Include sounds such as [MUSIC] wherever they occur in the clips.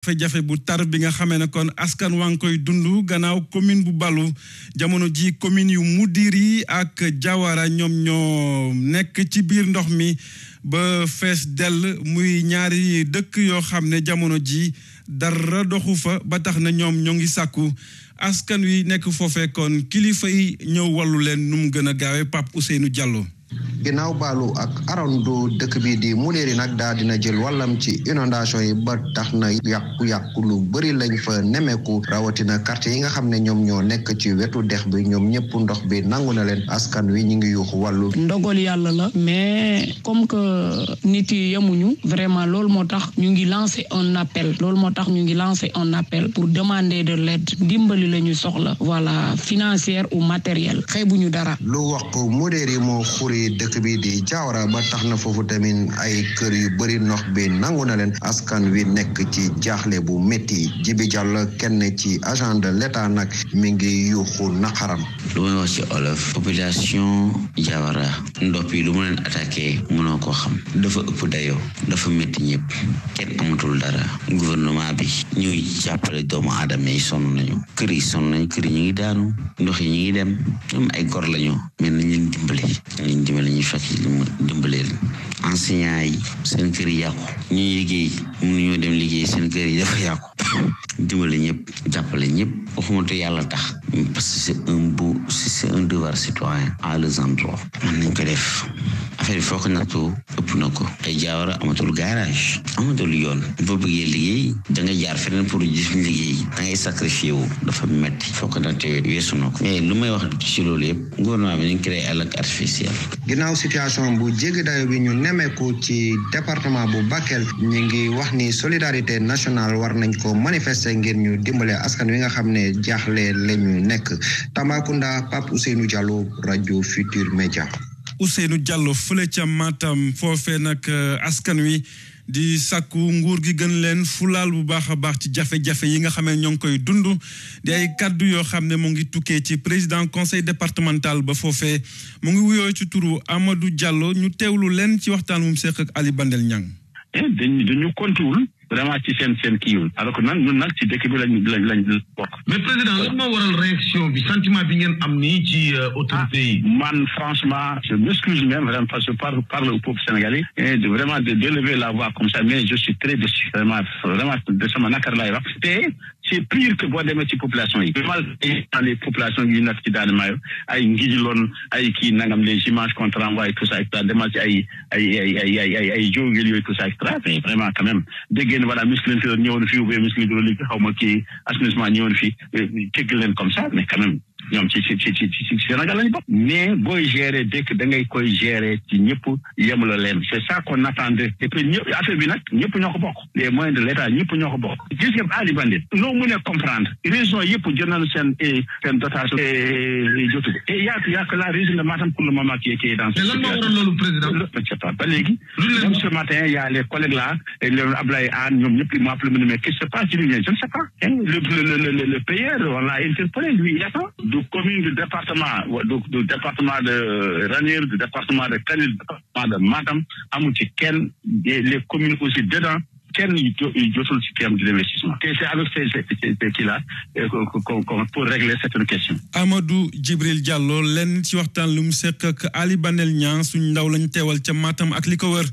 jafe-jafe bu tar bi nga xamee ne kon askan waa ngi koy dund gannaaw commune bu Balu jamono ji commune yu Mudiri ak Jawara ñoom ñoo nekk ci biir ndox mi ba fees dell muy ñaari dëkk yoo xam ne jamono ji dara doxu fa ba tax na ñoom ñoo ngi sàkku askan wi nekk foofee kon kilifa yi ñëw wallu leen nu mu gën a gaawee Pape Ousseynou Diallo ginnaaw baalu ak arandu dëkk bi di Mouliri nag daal dina jël wàllam ci inondation yi ba tax na yàqu-yàqu lu bëri lañ fa nemeeku rawatina quartier yi nga xam ne ñoom ñoo nekk ci wetu dex bi ñoom ñëpp ndox bi nangu na leen askan wi ñu ngi yuuxu wàllu ndogal yàlla la mais comme que nit yi yemuñu vraiment loolu moo tax ñu ngi lancer un appel loolu moo tax ñu ngi lancer un appel pour demander de l'aide dimbali la ñu soxla voilà financière ou matérielle xeebuñu dara lu biir dëkk bii di Jawara ba tax na foofu tamit ay kër yu bëri ndox bi nangu na leen askan wi nekk ci jaaxle bu métti Jibi Jàll kenn ci agent de l'état nag mi ngi yuuxu naqaram. lu may wax ci olof population Jawara ndopp yi lu mu leen attaqué mënoo ko xam dafa ëpp dayo dafa métti ñëpp kenn amatul dara gouvernement bi ñuy jàppale doomu aadama yi sonn nañu kër yi sonn nañu kër yi ngi daanu ndox yi ñu ngi dem ñoom ay gor lañu mais nañ leen dimbali dimbale ñuy fekk ci dimbalee enseignant yi seen kër yi yàqu ñuy liggéey mënuñoo dem liggéey seen kër yi dafa yàqu [LAUGHS] dimbale ñëpp jàppale ñëpp waxuma te yàlla tax parce que c'est un beau c'est citoyen à les endroits man nañ ko def affaire bi foo ko ëpp na ko ay jaawara amatul garage amatul yoon boo bëggee liggéey da nga jaar feneen pour gis liggéey da ngay sacrifié wu dafa metti foo ko nattee weesu na lu may wax ci loolu yëpp gouvernement bi nañ créé àll artificiel situation bu jéggi dayo bi ñu nemeeku ci département bu Bakel ñu ngi wax ni solidarité nationale war nañ ko manifester ngir ñu dimbale askan wi nga xam ne jaaxle lañu ñu nekk Tambacounda Pape Ousseynou Diallo rajo Futur Média. Ousseynou Diallo fële ca Matam foofe nag euh, askan wi di sakk nguur gi gën leen fulaal bu baax a baax ci jafe-jafe yi nga xam ne ñoo ngi koy dund di ay kàddu yoo xam ne mu ngi tukkee ci président conseil départemental ba foofee mu ngi wuyoo ci turu Amadou Diallo ñu teewlu leen ci waxtaan mum seq ak Ali ñang Niang. Eh, dañu kontuwul vraiment ci seen seen kii yi alors que nag ñun nag ci dëkk bi lañ lañ mais président lan moo waral réaction bi sentiment bi ngeen am nii ci euh, autorité yi. Ah, man franchement je m'excuse même vraiment parce que par parle au peuple sénégalais et de vraiment de d'élever la voix comme ça mais je suis très de sama nakar laay wax te c'est pire que boo demee ci population yi malgré les populations yu nekk ci daani maayo ay ngijiloon ay kii nangam les images qu'on renvoie tout ça et cetera demal ci ay ay ay ay ay ay ay jógel yooyu tout ça et cetera mais vraiment quand même dégg ngeen voilà muscle intérieur ñëwoon fii ou bien muscle hydraulique xaw ma kii assainissement ñëwoon fii tëgg euh, leen comme ça mais quand même ñoom ci ci ci ci ci lañu bokk mais booy gérer dëkk da koy gérer ci ñëpp yemula leen c'est ça qu'on attendait et puis ñoo ko bokk les moyens de l'état ñëpp ñoo ko bokk gis Ali Bandit noo mën a comprendre région yëpp jot nañu seen eh, seen eh, eh, et yaatu yaak la région de Matam pour le moment qui est dans ce lan moo waral loolu président je sais pas ba léegi même ce matin y a les collègues là ñoom Ablaye Anne ñoom ñëpp ils m'ont appelé mais qu'est-ce qui se passe je ne sais pas le le le le payeur on l'a interpellé lui il attend du commune du département du du département de euh, Ranier du département de Kanel du département de Matam amul ci kenn les communes aussi dedans kenn yu jotul ci terme d'investissement te c'est avec ces kii là euh, pour régler certaines questions Amadou Djibril Diallo lenn ci waxtaan lu mu seq ak Ali Banel Niang suñ ndaw lañ teewal ca Matam ak li ko wër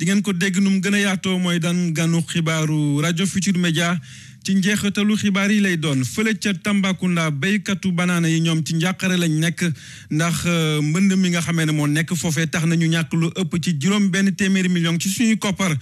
di ngeen ko dégg nu mu gën a yaatoo mooy daan ganu xibaaru rajo Futur Média ci njeexitalu xibaar yi lay doon fële ca Tambacounda béykatu banaana yi ñoom ci njàqare lañ nekk ndax euh, mbënd mi nga xamee ne moo nekk foofe tax nañu ñàkk lu ëpp ci juróom benn téeméeri million ci suñuy koppar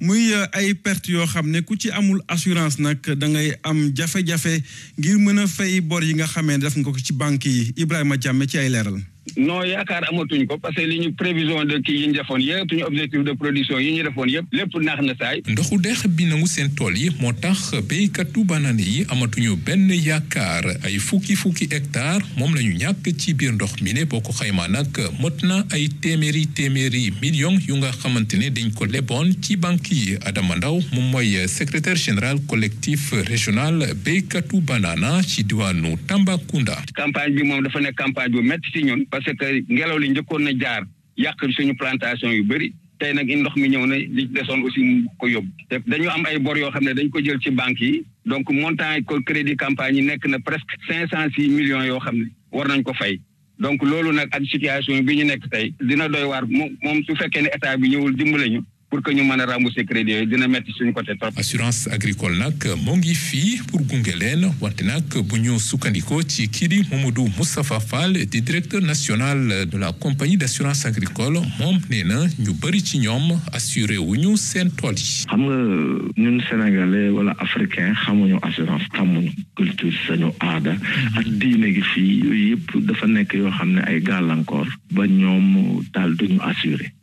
muy euh, ay perte yoo xam ne ku ci amul assurance nag da ngay am jafe-jafe ngir mën a fay bor yi nga xamee ne def nga ko ci banque yi Ibrahima Jàmme ci ay leeral non yaakaar amatuñ ko parce que li ñu prévision de kii yi ñu defoon yëpp ñu objectif de production yi ñu defoon yëpp lépp naax na saay. ndoxu dex bi nangu seen tool yi moo tax béykatu banaan yi amatuñu benn yaakaar ay fukki fukki hectare moom la ñu ñàkk ci biir ndox mi ne boo ko xaymaa nag mot na ay téeméeri téeméeri million yu nga xamante ne dañ ko leboon ci banque yi Adama Ndaw moom mooy secretaire général collectif régional béykatu banaana ci diwaanu Tambacounda. campagne bi moom dafa ne campagne bu métti ci ñun. parce que ngelaw li njëkkoon na jaar yàq suñu plantation yu bëri tey nag i ndox mi ñëw na li desoon aussi mu ko yóbb te dañu am ay bor yoo xam ne dañ ko jël ci banques yi donc montant ko crédit campagne yi nekk na presque cinq cent six million yoo xam ne war nañ ko fay donc loolu nag ak situation bi ñu nekk tey dina doy waar moom su fekkee ne état bi ñëwul dimbale ñu pour que ñu mën a rembourser crédit yooyu dina metti suñu côté trop. assurance agricole nag moo ngi fii pour gunge leen wante nag bu ñu sukkandikoo ci kii di Mamadou Moustapha Fall di directeur national de la compagnie d' assurance agricole moom nee na ñu bëri ci ñoom assuré wu ñu seen tool yi. xam nga ñun sénégalais wala africain xamuñu assurance xamuñu culture sañu aada ak diine gi fii yooyu yëpp dafa nekk yoo xam ne ay gàllankoor ba ñoom daal duñu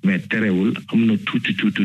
mais terewul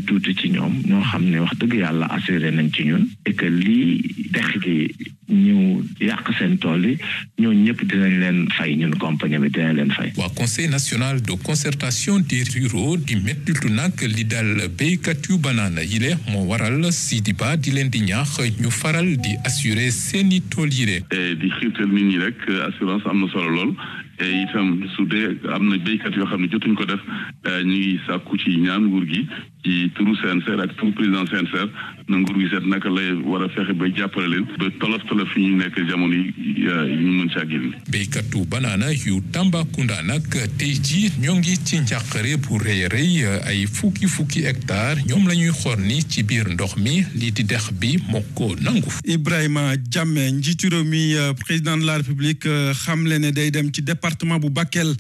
tuuti tuuti ci ñoom ñoo xam ne wax dëgg yàlla assuré nañ ci ñun et lii dex gi ñu yàq seen tool yi ñoo ñëpp dinañ leen fay ñun compagnie bi dinañ leen fay. waa conseil national de concertation des ruraux di méttitu nag li dal béykat yu banaana yi le moo waral Sidi Ba di leen di ñaax ñu faral di assurer seeni tool yi le. E di xiirtal nit ñi rek assurance am na solo lool. E itam su dee am na béykat yoo xam ne jotuñ ko def e ñu sàkku ci ñaan nguur gi ci turu CNCR ak turu président CNCR na nguur gi naka lay war fexe ba jàppale leen ba tolof tolof fi ñu nekk jamono yi euh, ñu mën caa génn. banaana yu Tambacounda nag tey jii ñoo ngi ci njàqare bu rëy a rëy euh, ay fukki fukki hectare ñoom la ñuy xor ni ci biir ndox mi lii di dex bi moo ko nangu. Ibrahima Jammeh njiitu réew mi euh, président de la République xamle ne day dem ci département bu Bakel.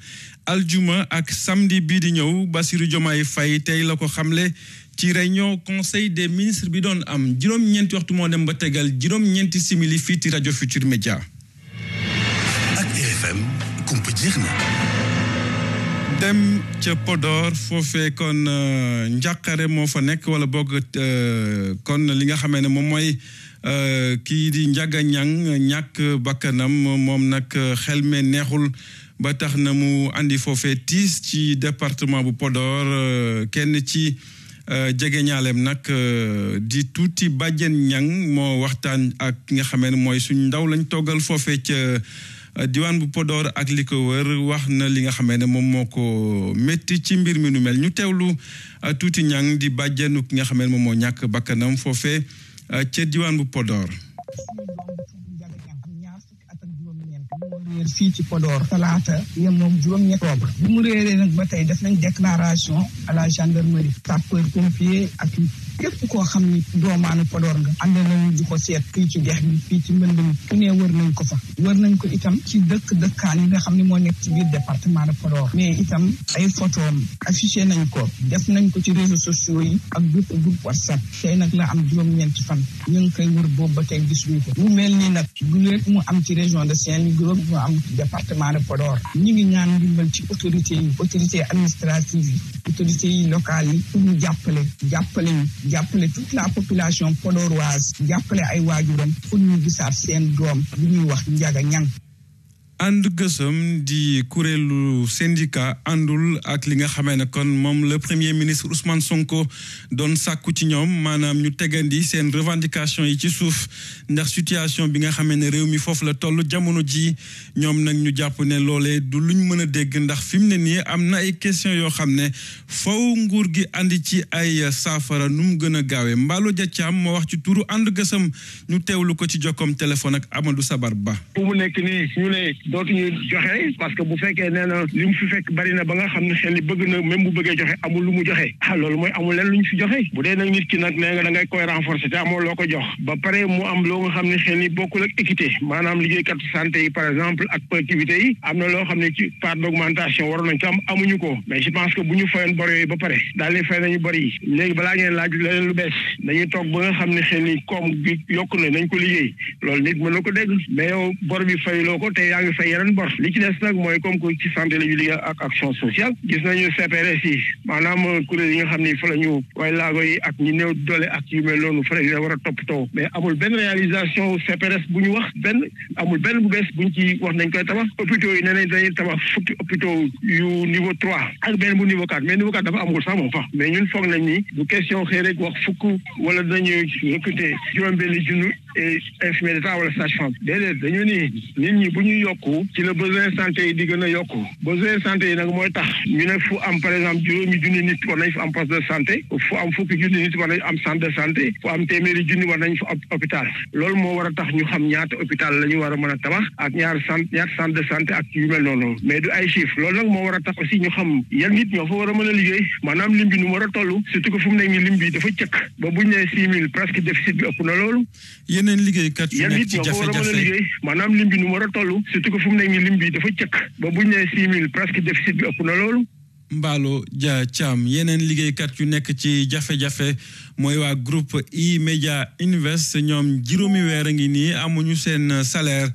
aljuma ak samedi bii di ñëw Bassirou Diomaye fay tey la ko xamle ci réunion conseil de ministre bi doon am juróom-ñeenti waxtu moo dem ba tegal juróom-ñeenti simili fii ci rajo Futur Média. ak RFM kumpa jeex na. dem ca podoor foofee kon euh, njàqare moo fa nekk wala boog euh, kon li nga xame ne moom mooy. Euh, kii di Ndiaga Niang ñàkk bakkanam moom nag xel me neexul ba tax na mu indi foofee tiis ci département bu Podor euh, kenn ci euh, jege ñaaleem nag euh, di tuuti bàjjen ñang moo waxtaan ak ki nga xamee ne mooy suñ ndaw lañ toggal foofe ca diwaan bu Podor ak li ko wër wax na li nga xamee ne moom moo ko metti ci mbir mi nu mel ñu teewlu tuuti ñang di bàjjeenu ki nga xamee ne moom moo ñàkk bakkanam foofee ca diwaan bu Podor fii ci Podor talaata yem moom juróom ñett octobre bi mu nag ba tey def nañ déclaration à la gendarmerie sapeur pompier ak képp koo xam ni doomaanu Podor nga ànd nañu di ko seet fii ci dex bi fii ci mbënd mi fu ne wër nañ ko fa war nañ ko itam ci dëkk dëkkaan yi nga xam ne moo nekk ci biir département de Podor mais itam ay photo affiché nañ ko def nañ ko ci réseaux sociaux yi ak groupe groupe WhatsApp tey nag la am juróom-ñeenti fan ñu ngi koy wër boobu ba tey gisuñu ko mu mel nii nag du rek mu am ci région de saint gu juróom mu am ci département de Podor ñu ngi ñaan ndimbal ci autorité yi autorité administrative yi autorité yi locale yi pour ñu jàppale jàppale jàppale toute la population podoroise jàppale ay waajuram pour ñu seen doom li ñuy wax njaga ñan ànd gësëm di kuréelu syndicat àndul ak li nga xamee ne kon moom le premier ministre Ousmane Sonko doon sàkku ci ñoom maanaam ñu tegandi seen revendication yi ci suuf ndax situation bi nga xamee ne réew mi foofu la toll jamono ji ñoom nag ñu jàpp ne loolee du luñ mën a dégg ndax fi mu ne nii am na ay question yoo xam ne faw nguur gi andi ci ay saafara nu mu gën a gaawee ja Dia Thiam moo wax ci turu ànd gësëm ñu teewlu ko ci jokkoom téléphone ak Amadou Sabar Ba. dootuñu joxe parce que bu fekkee nee na li mu fi fekk bari na ba nga xam ne xel li bëgg na même bu bëggee joxe amul lu mu joxe ah loolu mooy amul lenn lu ñu fi joxe bu dee nag nit ki nag nee nga da ngay koy renforcer te loo ko jox ba pare mu loo nga xam ne xel li bokkul ak équité maanaam liggéeykat santé yi par exemple ak collectivités loo xam ne ci part d'augmentation waroon nañ am amuñu ko mais je pense que bu ba pare daal di fay nañu bor yi léegi balaa ngeen laaj lu bees dañuy toog ba nga xam ne xel li koom gi yokk na nañ ko liggéey loolu nit mën na ko dégg mais yow bor bi fayuloo ko te yaa ngi fay yeneen bor li ci des nag mooy comme que ci santé la ñu liggéey ak action sociale gis nañu CPRS yi maanaam kuréel yi nga xam ni fa la ñu way laago yi ak ñu néew doole ak yu mel noonu fa la war a toppatoo mais amul benn réalisation CPRS bu ñu wax benn amul benn bu bees buñ ci wax nañ koy tabax hôpitaux yi nee nañ dañuy tabax fukki hôpitaux yu niveau trois ak benn bu niveau quatre mais niveau quatre dafa amul sax moom fa mais ñun foog nañ ni bu question xëy rek wax fukk wala dañuy recruter juróom-benn junni infirmier d'état wala sage-femme déedéet dañu nii nit ñi bu ñu yokk ci la besoin santé yi di gën a yokku besoin santé yi nag mooy tax ñu ne fu am par exemple juróomi junni nit war nañ fu am poste de santé fu am fukki junni nit war nañ am centre hôpital loolu moo war a tax ñu xam ñaata hôpital la ñu war a mën a tabax ak ñaar centre ñaar centre de santé ak yu mel noonu mais du ay chiffres loolu nag moo war a tax aussi ñu xam yan nit ñoo fa war a mën a liggéey maanaam lim nu mu war a toll surtout que fu mu nekk nii lim yeneen liggéeykat yu nekk ci jafe-jafe maanaam lim bi nu mu war toll surtout que fu mu nekk nii lim bi dafa cëkk ba buñ nee six mille presque déficit bi ëpp na loolu Mballo yeneen liggéeykat yu nekk ci jafe-jafe mooy waa groupe E-Media Invest ñoom juróomi weer a ngi nii amuñu seen salaire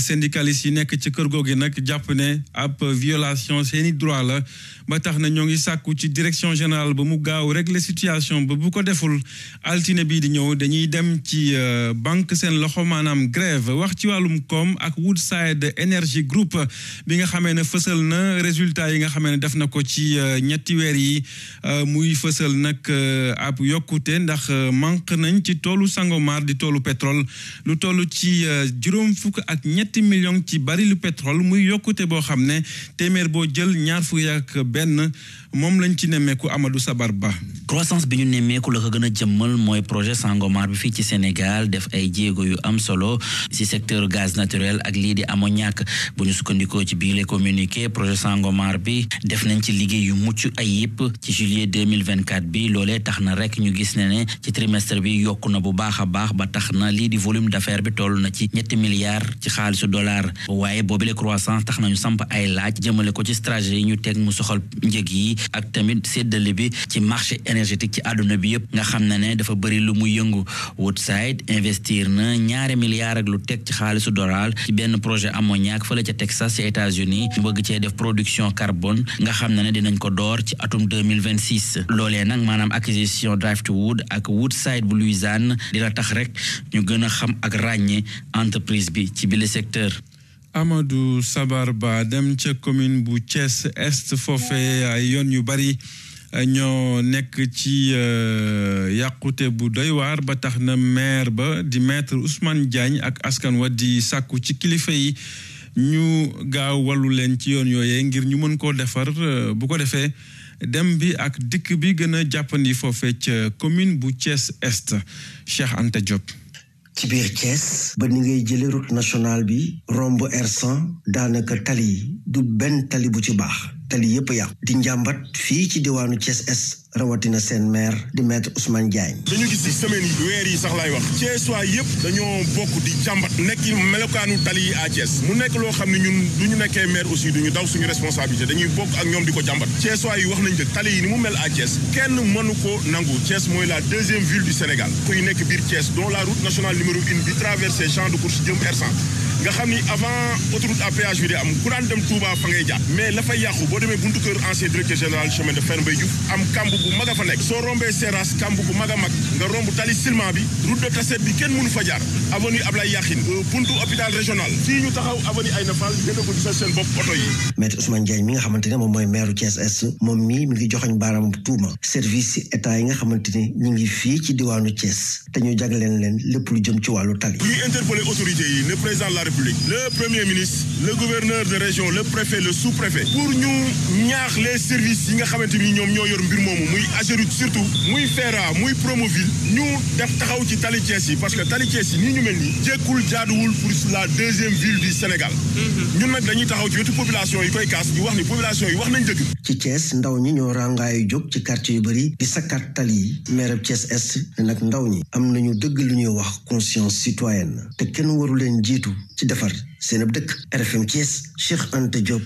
syndicaliste yi nekk ci kër googu nag jàpp ne ab violation seeni droit la ba tax na ñoo ngi sàkku ci direction générale ba mu gaaw régler situation ba bu ko deful altine bii di ñëw dañuy dem ci euh, banque seen loxo maanaam grève wax ci wàllum koom ak Woodside Energy Group bi nga xamee ne fësal na résultat yi nga xamee ne def na ko ci euh, ñetti weer yi euh, muy fësal nag ab yokku yokkute ndax euh, manque nañ ci toolu Sangomar di toolu pétrole lu toll ci euh, juróom fukk ak ñetti million ci barilu pétrole muy yokkute boo xam ne téeméer boo jël ñaar fukk ak benn moom lañ ci nemmeeku Amadou Sabar Ba. croissance bi ñu nemmeeku la ko gën a jëmmal mooy projet Sangomar bi fii ci Sénégal def ay jéego yu am solo ci secteur gaz naturel ak lii di ammoniac bu ñu sukkandikoo ci biir les communiqué projet Sangomar bi def nañ ci liggéey yu mucc ayib ci juillet 2024 bi loolee tax na rek gis ne ne ci trimestre bi yokku na bu baax a baax ba tax na lii di volume d'affaires bi toll na ci ñetti milliards ci xaalisu dollar waaye boobile croissance tax nañu samp ay laaj jëmale ko ci stratégie yi ñu teg mu soxal njëg yi ak tamit séddale bi ci marché énergétique ci àdduna bi yëpp nga xam ne ne dafa bëri lu mu yëngu Woodside investir na ñaari milliards ak lu teg ci xaalisu dollar ci benn projet ammoniac fële ca Texas ci États-Unis ñu bëgg cee def production carbone nga xam ne ne dinañ ko door ci atum 2026 loolee nag maanaam Wood ak Woodside bu Louisiane di la tax rek ñu gën a xam ak ràññee entreprise bi ci bile secteur. amadu Sabar Ba dem ca commune bu Thiès Est foofee ay yoon yu bari eh, ñoo nekk ci eh, yàqute bu doy waar ba tax na maire ba di maître Ousmane Diagne ak askan wa di sàkku ci kilifa yi ñu gaaw wàllu leen ci yoon yooyee ngir ñu mën koo defar eh, bu ko defee. dem bi ak dikk bi gën a jàppandi foofee ca commune bu Thiès Est Cheikh Anta Diop. ci biir Thiès ba ni ngay jëlee route nationale bi romb r daanaka tali du benn tali bu ci baax. tali yëpp yàqu di njàmbat fii ci diwaanu Thiès Est rawatina seen maire di maître Ousmane Diagne. dañu gis ci semaine yi weer yi sax laay wax. Thiès waa yëpp dañoo bokk di jàmbat. nekk melokaanu tali yi à Thiès. mu nekk loo xam ne ñun du ñu nekkee maire aussi du ñu daw suñu responsabilité dañuy bokk ak ñoom di ko jàmbat. Thiès waa yi wax nañ dëgg tali yi ni mu mel à Thiès. kenn mënu ko nangu Thiès mooy la deuxième ville du Sénégal. kuy nekk biir Thiès dont la route nationale numéro une bi traversé champ de course nga xam ni avant autoroute à péage bi am ku daan dem Touba fa ngay jaar mais la fay yàqu boo demee buntu kër ancien directeur général chemin de fer Mbaye Diouf am kamb bu mag a fa nekk soo rombee Seras kamb bu mag a mag nga romb tali silman bi route de bi kenn mënu fa jaar avenue Ablaye Yakhine euh, buntu hôpital régional fii ñu taxaw avenue Aïna Fall gën a ko gisal seen bopp oto yi maître Ousmane Ndiaye mi nga xamante ne moom mooy maire Thiès Est moom mii mi ngi joxoñ baaraam tuuma service yi état yi nga xamante ne ñu ngi fii ci diwaanu Thiès te ñu jagleen leen lépp lu jëm ci wàllu tali République le premier ministre le gouverneur de région le préfet le sous-préfet pour ñu ñaax les services yi nga xamante ni ñoom ñoo yor mbir moomu muy Ageroute surtout muy Fera muy Promoville ñu def taxaw ci tali Thiès yi parce que tali Thiès yi nii ñu mel nii jékkul jaaduwul pour la deuxième ville du Sénégal mhm. ñun nag dañuy taxaw ci wetu population yi koy kaas ñu wax ni population yi wax nañ dëgg ci cees ndaw ñi ñoo ràngaayu jóg ci quartier yu bëri di sakkat tali yi maire Thiès Est nag ndaw ñi am nañu dëgg lu ñuy wax conscience citoyenne te kenn waru leen jiitu ci defar seen ab dëkk RFM Thiès Cheikh Anta Diop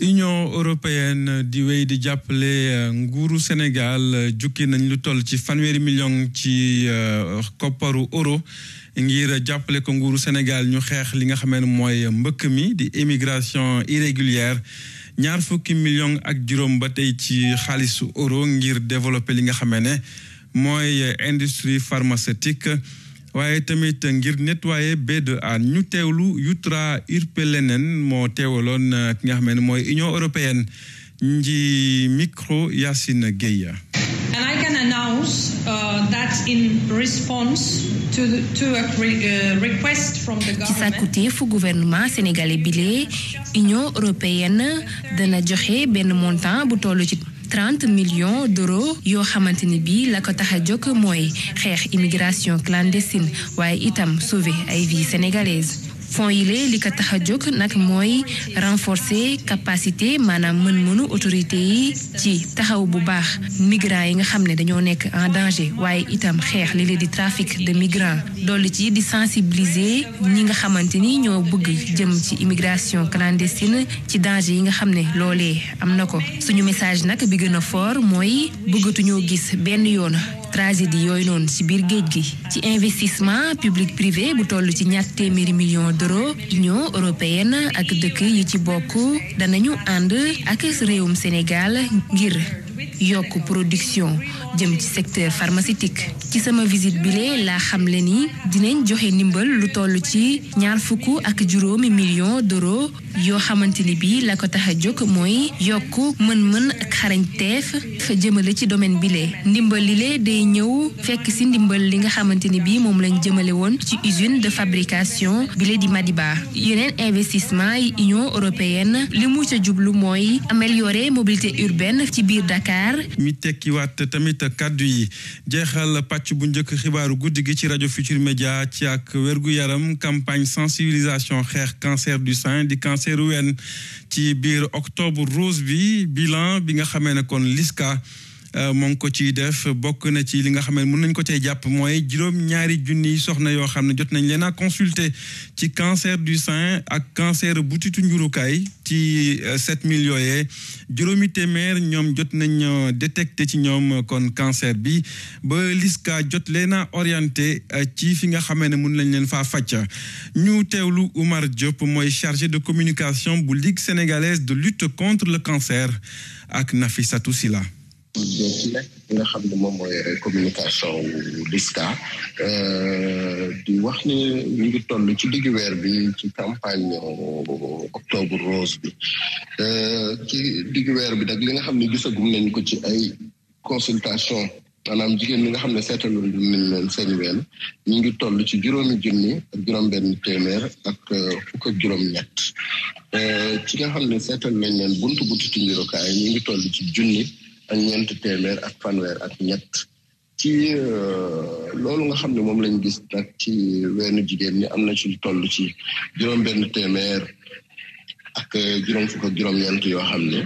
Union européenne di wéy di jàppale euh, nguuru Sénégal euh, jukki nañ lu toll ci fanweeri million ci euh, kopparu euro ngir jàppale ko nguuru Sénégal ñu xeex li nga xam ne mooy mbëkk mi di immigration irrégulière ñaar fukki million ak juróom ba tey ci xaalisu euro ngir développer li nga xam ne mooy industrie pharmaceutique waaye tamit ngir nettoyer B2A ñu teewlu Jutta Urpilainen moo teewaloon euh, ki nga xam mooy Union européenne nji micro Yacine Gueye. And I can announce uh, that uh, gouvernement sénégalais bile Union européenne dana joxe benn montant bu tollu ci. 30 million d'euros yoo xamante ni bii la ko tax a mooy xeex immigration clandestine waaye itam sauver ay vies sénégalaises. fonds yi lee li ko tax a nag mooy renforcer capacité maanaam mën-mënu autorité yi ci taxaw bu baax migrants yi nga xam ne dañoo nekk en danger waaye itam xeex li lee di trafic de migrants dolli ci di sensibiliser ñi nga xamante ni ñoo bëgg jëm ci immigration clandestine ci danger yi nga xam ne loolee am na ko suñu message nag bi gën a fort mooy bëggatuñoo gis benn yoona tragédie yooyu noonu ci biir géej gi ci investissement public privé bu toll ci ñaar téeméeri millions d'euros union européenne ak dëkk yi ci bokk danañu ànd ak réewum Sénégal ngir yokk production jëm ci secteur pharmaceutique ci sama visite bile laa xamle ni dinañ joxe ndimbal lu toll ci ñaar fukk ak juróomi million d'euros yoo xamante ni bi la ko tax a jóg mooy yokk mën-mën ak xarañteef fa jëmale ci domaine bile ndimbal lile dafay ñëw fekk si ndimbal li nga xamante ni bii moom lañu jëmale woon ci usine de fabrication bile di Madiba yeneen investissement yi Union européenne li mu ca jublu mooy améliorer mobilité urbaine ci biir Dakar. ñu tekkiwaat tamit kàddu yi jeexal pàcc bu njëkk xibaaru guddi gi ci rajo Futur Média ci ak wergu yaram campagne sensibilisation xeex cancer du sein di cancer wen ci biir octobre rose bi bilan bi nga xamee ne kon LISCA. Euh, moo ngi ko ci def bokk na ci li nga xam ne mun nañ ko cee jàpp mooy juróom-ñaari yi soxna yoo xam ne jot nañ leen a consulter ci cancer du sein ak cancer butitu njurukaay ci euh, sept mille yooyee juróomi téeméer ñoom jot nañ détecté ci ñoom kon cancer bi ba liska jot leen a orienté euh, ci fi nga xamee ne mun lañ leen faa fàcc ñu teewlu Oumar Diop mooy chargé de communication bu Ligue sénégalaise de lutte contre le cancer ak Nafissatou Sila donc nga xam ne moom mooy communication wu LISCA euh, di wax ni ñu ngi toll ci diggu weer bi ci campagne octobre rose bi euh, ci diggu weer bi nag li nga xam ne gisagum nañ ko ci ay consultation maanaam jigéen li nga xam ne seetaloon nañ leen seen ween ñu ngi tollu ci juróomi junni ak juróom-benn téeméer ak euh, fukk ak juróom-ñett ci nga xam ne seetal nañ leen buntu buntu ci njurukaay ñu ngi toll ci junni. ak ñeent téeméer ak fanweer ak ñett ci euh, loolu nga xam ne moom lañ gis nag ci weenu jigéen ñi am na ci toll ci juróom-benn téeméer ak juróom fukk ak juróom-ñeent yoo xam ne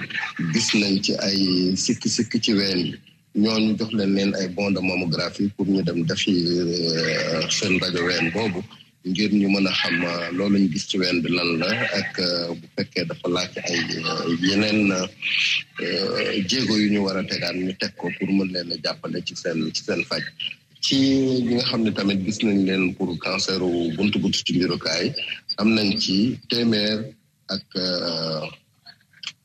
gis nañ ci ay sikk-sikk ci ween yi ñooñu jox leen leen ay bon de mammographie pour ñu dem defi euh, seen rajo ween boobu ngir ñu mën a xam euh, loolu ñu gis ci ween bi lan la ak euh, bu fekkee dafa laaj ay euh, yeneen jéego yu ñu war a tegaan ñu teg ko pour mën leen a jàppale ci seen ci seen faj ci ñi nga xam ne tamit gis nañ leen pour cancer buntu buntu ci mbirukaay am nañ ci téeméer ak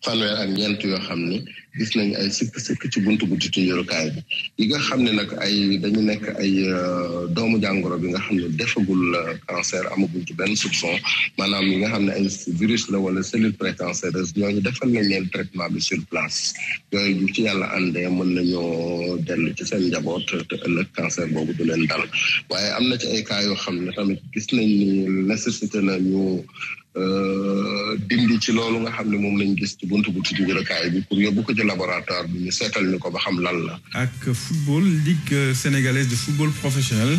fanweer ak ñeent yoo xam ne gis nañ ay sikk sikk ci buntu bu ci njurukaay bi yi nga xam ne nag ay dañu nekk ay euh, doomu jàngoro bi nga xam ne defagul euh, cancer amagul ci benn soupçon maanaam yi nga xam ne ay virus la wala cellule précancéreuse ñooñu defal nañ leen traitement bi sur place yooyu bu ci yàlla àndee mën nañoo dellu ci seen njaboot te ëllëg cancer boobu du leen dal waaye am na ci ay cas xam ne tamit gis nañ ni nécessité na Euh, dindi ci loolu nga xam ne moom lañ gis ci buntu buntu ci jurakaay bi bu ko ci laboratoire bi ñu seetal ñu ko ba xam lan la. ak football ligue sénégalaise de football professionnel.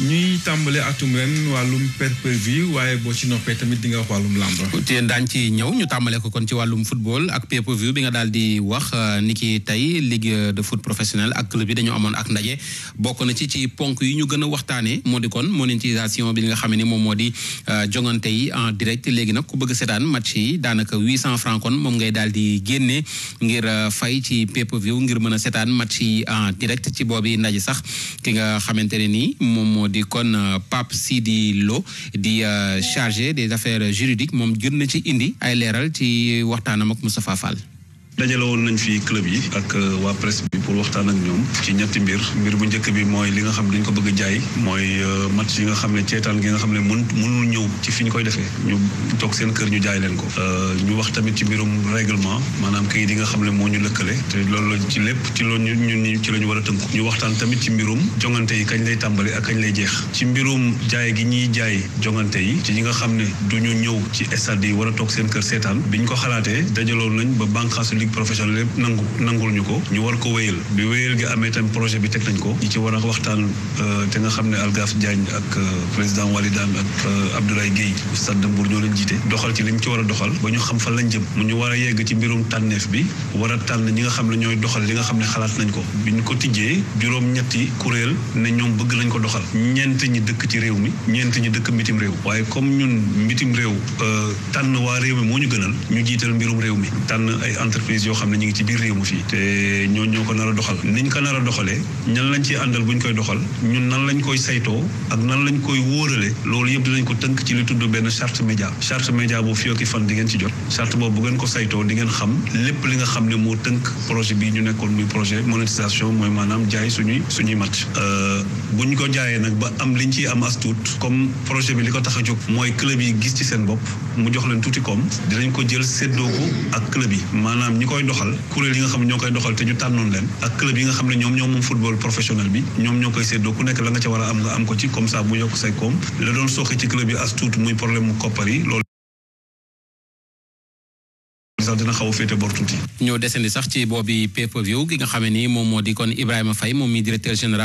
ñuy tàmbale atum ren wàllum pay view waaye boo ci noppee tamit di nga wax wàllum làmb. te daañu ci ñëw ñu tàmbale ko kon ci wàllum football ak pay-per-view bi nga daal di wax euh, ni ki tey ligue de foot professionnel ak club yi dañoo amoon ak ndaje bokk na ci ci ponk yi ñu gën a waxtaanee moo di kon monétisation bi nga xam ne moom moo di euh, jongante yi en direct léegi nag ku bëgg seetaan match yi daanaka huit cent francs kon moom ngay daal di génne ngir euh, fay ci pay-per-view ngir mën a seetaan match yi en direct ci boobu ndaje sax ki nga xamante ne ni moom moo di kon euh, Pape Sidi Lo di euh, chargé des affaires juridiques moom jot na ci indi ay leeral ci waxtaanam ak Moustapha Fall dajale nañ fi club yi ak euh, waa presse bi pour waxtaan ak ñoom ci ñetti mbir mbir bu njëkk bi mooy li nga xam ne ko bëgg jaay mooy euh, match yi nga xam ne ceetaan gi nga xam ne mën mënul ñëw ci fi ñu koy defee ñu toog seen kër ñu jaay leen ko euh, ñu wax tamit ci mbirum règlement maanaam kayit yi nga xam ne moo ñu lëkkale te loolu ci lépp ci loolu ñun ñi ci la ñu war a tënku ñu waxtaan tamit ci mbirum jongante yi kañ lay tàmbali ak kañ lay jeex ci mbirum jaay gi ñuy jaay jongante yi ci ñi nga xam ne du ñu ñëw ci stade yi war toog seen kër seetaan biñ ko xalaatee dajaloon nañ ba banqaasu ligue professionnelle yëpp nangu nangul ñu ko ñu war ko wéyal bi wéyal gi amee tam projet bi teg nañ ko ñi ci war a waxtaan euh, te nga xam ne Algaf Diagne ak euh, président Walidane ak euh, Abdoulaye Guèye stade de Mbour ñoo leen jiite doxal ci li liñ ci war a doxal ba ñu xam fa lañ jëm mu ñu war a yegg ci mbirum tànneef bi war a tànn ñi nga xam ne ñooy doxal li nga xam ne xalaat nañ ko bi ñu ko tijjee juróom-ñetti kuréel ne ñoom bëgg nañ ko doxal ñeent ñi dëkk ci réew mi ñeent ñi dëkk mbitim réew waaye comme ñun mbitim réew tànn waa réew mi moo ñu gënal ñu jiital mbirum réew mi entreprise yoo xam ne ñu ngi ci biir réew mi fii te ñoo ñoo ko nar a doxal niñ ko nar a doxalee ñan lañ ciy àndal buñ koy doxal ñun nan lañ koy saytoo ak nan lañ koy wóorale loolu yëpp dinañ ko tënk ci li tudd benn charte média charte média bu fii ak fan di ngeen ci jot charte boobu bu ngeen ko saytoo di ngeen xam lépp li nga xam ne moo tënk projet bi ñu nekkoon muy projet monétisation mooy maanaam jaay suñuy suñuy match euh, buñ ko jaayee nag ba am liñ ciy am as tuut comme projet bi li ko tax a jóg mooy club yi gis ci seen bopp mu jox leen tuuti koom dinañ ko jël séddoo ko ñi koy doxal kuréel yi nga xam ne ñoo koy doxal te ñu tànnoon leen ak club yi nga xam ne ñoom ñoo football professionnel bi ñoom ñoo koy séddoo ku nekk la ca war a am nga am ko ci comme ça mu yokk say koom la doon sooxe ci club yi as muy problème koppar yi loolu sax dina xaw moom moo di kon Ibrahima Faye moom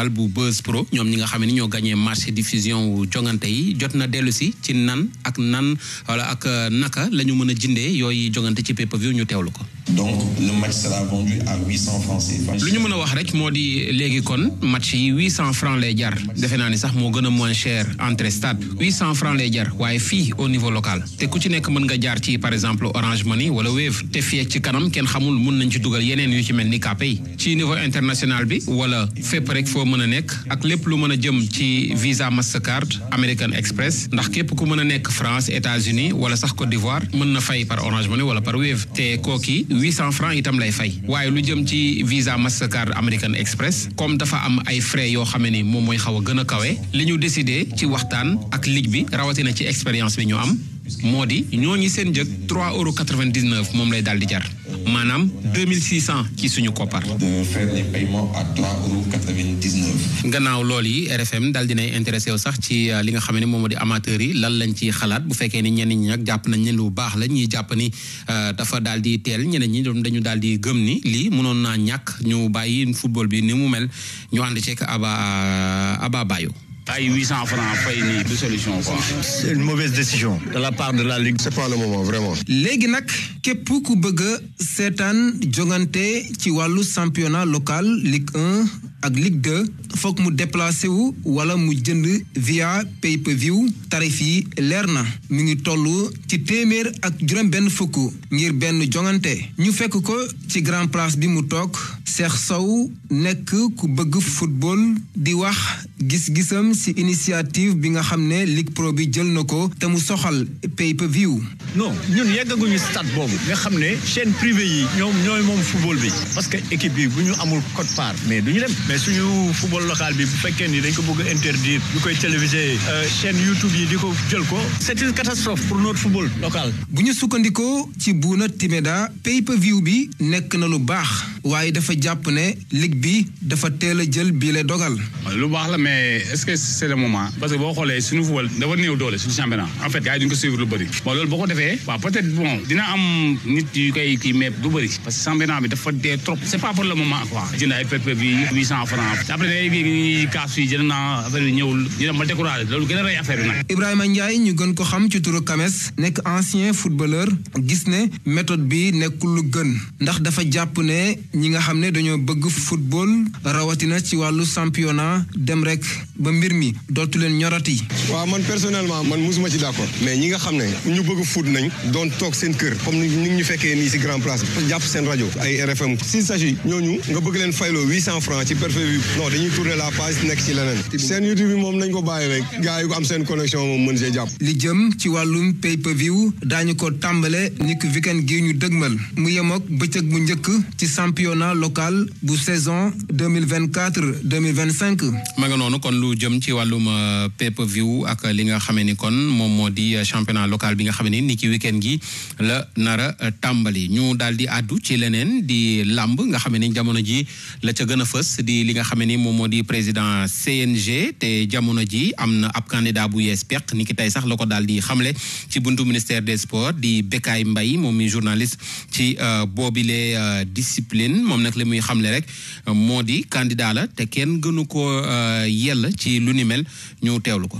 bu Buzz Pro ñoom ñi xam ni ñoo gagné marché diffusion wu jongante yi jot na dellu si ci nan ak nan wala ak euh, naka la ñu mën a jëndee yooyu jongante ci pay-per-view ñu ko. donc le match sera vendu à lu ñu mën a wax rek moo di léegi kon match yi huit cent francs lay jar defe naa ni sax moo gën a moins cher entrée stade huit cent lay jar waaye fii au niveau local te ku ci nekk mën nga jaar ci par exemple Orange Money wala Wave te fii ci kanam kenn xamul mun nañ ci dugal yeneen yu ci mel ni kàppe ci niveau international bi wala fépp rek foo mën a nekk ak lépp lu mën a jëm ci visa mastercard American Express ndax képp ku mën a nekk France États-Unis wala sax Côte d'Ivoire mën na fay par Orange Money wala par Wave te kooki 800 francs itam lay fay waaye lu jëm ci visa mastercard American Express comme dafa am ay frais yoo xam ni moom mooy xaw a gën a kawe li ñu décidé ci waxtaan ak ligue bi rawatina ci expérience bi ñu am moo di ñoo ñooñu seen njëg 3 euros 99 moom lay daal di jar maanaam 2600 ci suñu koppar. de faire les paiements à gannaaw loolu yi RFM daal dinay intéressé wu sax ci euh, li nga xam ne moom moo di amateurs yi lan lañ ci xalaat bu fekkee ni ñenn ñi nag jàpp nañ ne lu baax la ñuy jàpp ni euh, dafa daal di teel ñeneen ñi dañu daal di gëm ni lii mënoon naa ñàkk ñu bàyyi football bi ni mu mel ñu ànd ceeg Aba Aba Bayo. ay 800 francs fay nii du solution quoi. c'est une mauvaise décision. de la part de la ligue. c'est pas le moment vraiment. léegi nag képp ku bëgg a seetaan jongante ci wàllu championnat local Ligue ak Ligue 2 foog mu déplacé wu wala mu jënd via pay-per-view tarif yi leer na mu ngi toll ci téeméer ak juróom fukk ngir benn jongante ñu fekk ko ci grand place bi mu toog Cheikh Sow nekk ku bëgg football di wax gis-gisam ci initiative bi nga xam ne Ligue Pro bi jël na ko te mu soxal pay-per-view non ñun yeggaguñu stade boobu nga xam ne chaîne privée yi ñoom ñooy moom football bi parce que équipe bi bu ñu amul quote-part mais duñu dem mais suñu football local bi bu fekkee ni dañ ko bëgg a interdire ñu koy télévisé euh, chaîne YouTube yi di ko jël ko c'est une catastrophe pour notre football local. bu ñu sukkandikoo ci Bouna Timéda pay-per-view bi nekk na lu baax waaye dafa jàpp ne ligue bi dafa teel a jël bi la dogal. lu baax la mais est-ce que c'est le moment parce boo xoolee suñu football dafa néew doole suñu championnat en fait gars duñ ko suivre lu bëri bon loolu boo ko defee waaw peut-être que championnat bi dafa franc franc après da ngay kaas fii jënd naa affaire yi ñëwul ñu dem ba découragé loolu bi Ibrahima Ndiaye ñu gën ko xam ci turu Kames nekk ancien footballeur gis ne méthode bi nekkul lu gën ndax dafa jàpp ne ñi nga xam ne dañoo bëgg football rawatina ci wàllu championnat dem rek ba mbir mi dootu leen ñorati. waaw man personnellement man musuma ci d'accord mais ñi nga xam ne ñu bëgg foot nañ doon toog seen kër comme ni ñu ñu fekkee nii si grand place jàpp seen rajo ay RFM s'il s'agit ñooñu nga bëgg leen fayloo 800 francs ci selfie bi non dañuy tourner la page nekk ci leneen. seen YouTube bi moom nañ ko bàyyi rek. gars yi ko am seen connexion moom mën see jàpp. li jëm ci wàllum pay view daañu ko tàmbale niki weekend gi ñu dëgmal mu yem ak bëccëg bu njëkk ci championnat local bu saison deux mille vingt quatre deux mille vingt cinq. ma nga kon lu jëm ci wàllum euh, pay per view ak li nga xamee ni kon moom moo di euh, championnat local bi nga xam ne nikki weekend gi la nara euh, tàmbali ñu daal di àddu ci leneen di làmb nga xam ne jamono ji la gën a fës li nga xam ni moom moo di président CNG te jamono ji am na ab candidat bu yees peq ni tey sax la ko daal di xamle ci buntu ministère des sport di Bekay mbay moom mi journaliste ci euh, boobile euh, discipline moom nag li muy xamle rek euh, moo di candidat la te kenn gënu ko yell ci lu ni mel ñu teewlu ko.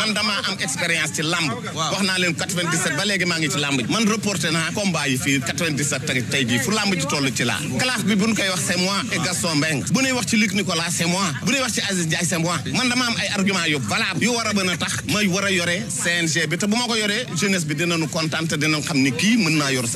man damaa am expérience ci làmb wax naa leen 97 ba léegi maa ngi ci làmb ji man reporté naa combat yi fii 97 tey tey jii fu làmb ji toll ci laa classe bi bu ñu koy wax c'est moi Gaston Mbengue bu ñuy wax ci Luc Nicolas c'est bu ñuy wax ci Aziz Ndiaye c'est man dama am ay argument yu valable yu war a mën tax may war yore CNG bi te bu ma ko yoree jeunesse bi dinañu kontaan te dinañ xam ni kii mën naa yor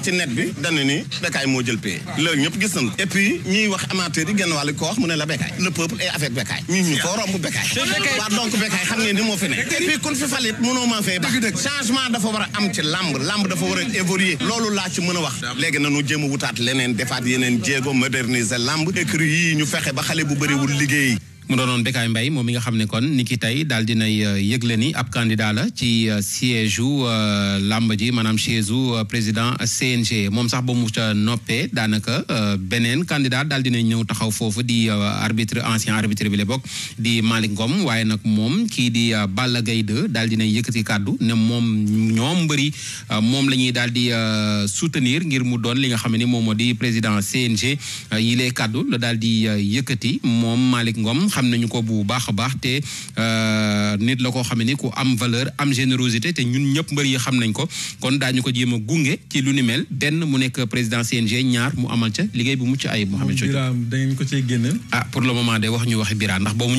CNG bi ni Bécaye moo jël pay loolu ñëpp gis nañu et puis wax amateur yi genn wàllu ko wax mu ne la Bécaye le peuple est avec Bécaye ñun ñu ko donc Bécaye xam ne ni moo fi ne et puis kun fi falit mënoo ma fee changement dafa war a am ci lamb lamb dafa war a évoluer loolu laa ci mën a wax léegi nañu jéem a wutaat leneen defaat yeneen jéego moderniser lamb écrit yi ñu fexe ba xale bu bëriwul liggéey mu doonoon Bécaye mbay moom mi nga xam ne kon ni ki tey daal dinay euh, yëgle ni ab candidat la ci euh, siège u euh, làmb ji maanaam siège u président CNG moom sax ba mu ca noppee daanaka beneen candidat daal dinay ñëw taxaw foofu di arbitre ancien arbitre bi la bokk di Malick Ngom waaye nag moom kii di Balla Gaye 2 daal dinay yëkkati kàddu ne moom ñoom mbëri moom la ñuy daal di soutenir ngir mu doon li nga xam ni moom moo di président CNG yi lay kàddu la daal di yëkkati moom Malick Ngom xam nañu ko bu baax a baax te euh, nit la koo xam ne ni ku am valeur am générosité te ñun ñëpp mbër yi xam nañ ko kon daa ñu ko jéem gunge ci lu ni mel benn mu nekk président CNG ñaar mu amal ca liggéey bu mucc ayib Mouhamed Sow. moom Birame dangeen ko cee génne. ah pour le moment de wax ñu waxi Birame ndax boobu.